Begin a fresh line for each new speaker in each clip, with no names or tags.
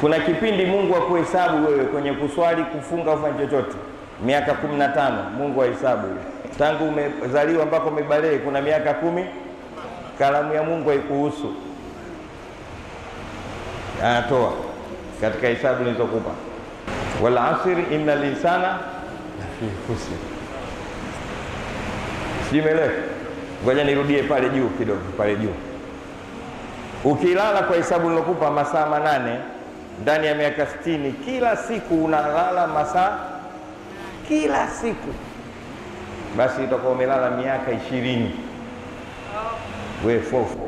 Kuna kipindi Mungu akuhesabu wewe kwenye kuswali, kufunga, ufanye chochote. Miaka kumi na tano Mungu ahesabu tangu umezaliwa mpaka umebalehe, kuna miaka kumi. Kalamu ya Mungu haikuhusu, anatoa katika hesabu nilizokupa. Wal asri inna insana lafi khusr. Sijui Ngoja nirudie pale juu kidogo, pale juu. Ukilala kwa hesabu nilokupa masaa manane ndani ya miaka 60 kila siku unalala masaa kila siku, basi utakuwa umelala miaka ishirini we fofo.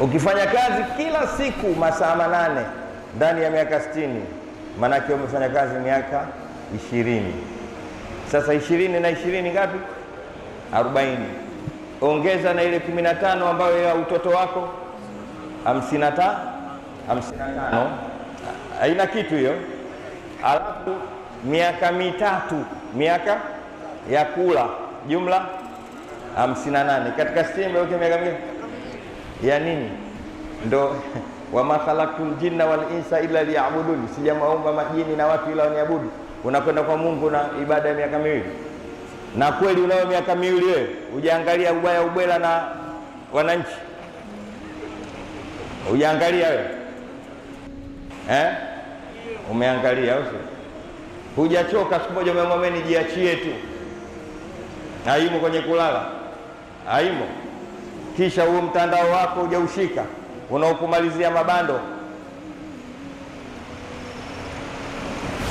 Ukifanya kazi kila siku masaa manane ndani ya miaka sitini, maanake umefanya kazi miaka ishirini. Sasa ishirini na ishirini ngapi? Arobaini. Ongeza na ile kumi na tano ambayo ya utoto wako, hamsini na tano 55 haina kitu hiyo, alafu miaka mitatu, miaka ya kula jumla 58 katika sehemu okay, miaka mingi ya nini? Ndo wama khalaqtul jinna wal insa illa liya'budun, sijamaumba majini na watu ila waniabudu. Unakwenda kwa Mungu na ibada ya miaka miwili, na kweli unayo miaka miwili wewe, ujaangalia ubaya ubwela na wananchi, ujaangalia wewe eh? Umeangalia au hujachoka? Siku moja umemwambia nijiachie tu, haimo kwenye kulala, haimo. Kisha huo mtandao wako hujaushika, unaokumalizia mabando.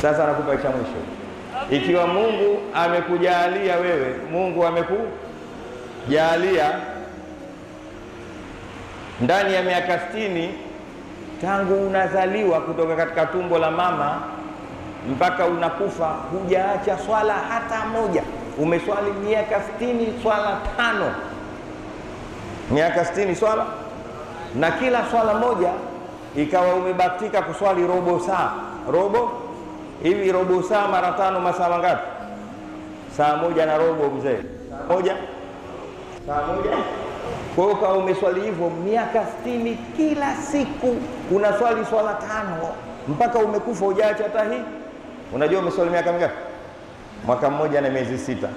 Sasa nakupa cha mwisho, ikiwa Mungu amekujalia wewe, Mungu amekujalia ndani ya miaka sitini tangu unazaliwa kutoka katika tumbo la mama mpaka unakufa hujaacha swala hata moja. Umeswali miaka sitini swala tano, miaka sitini swala na kila swala moja ikawa umebatika kuswali robo saa. Robo hivi, robo saa mara tano, masaa mangapi? Saa moja na robo, mzee. Saa moja, saa moja kwa hiyo kama umeswali hivyo miaka sitini, kila siku unaswali swala tano mpaka umekufa, hujaacha hata hii. Unajua umeswali miaka mingapi? Mwaka mmoja na miezi sita.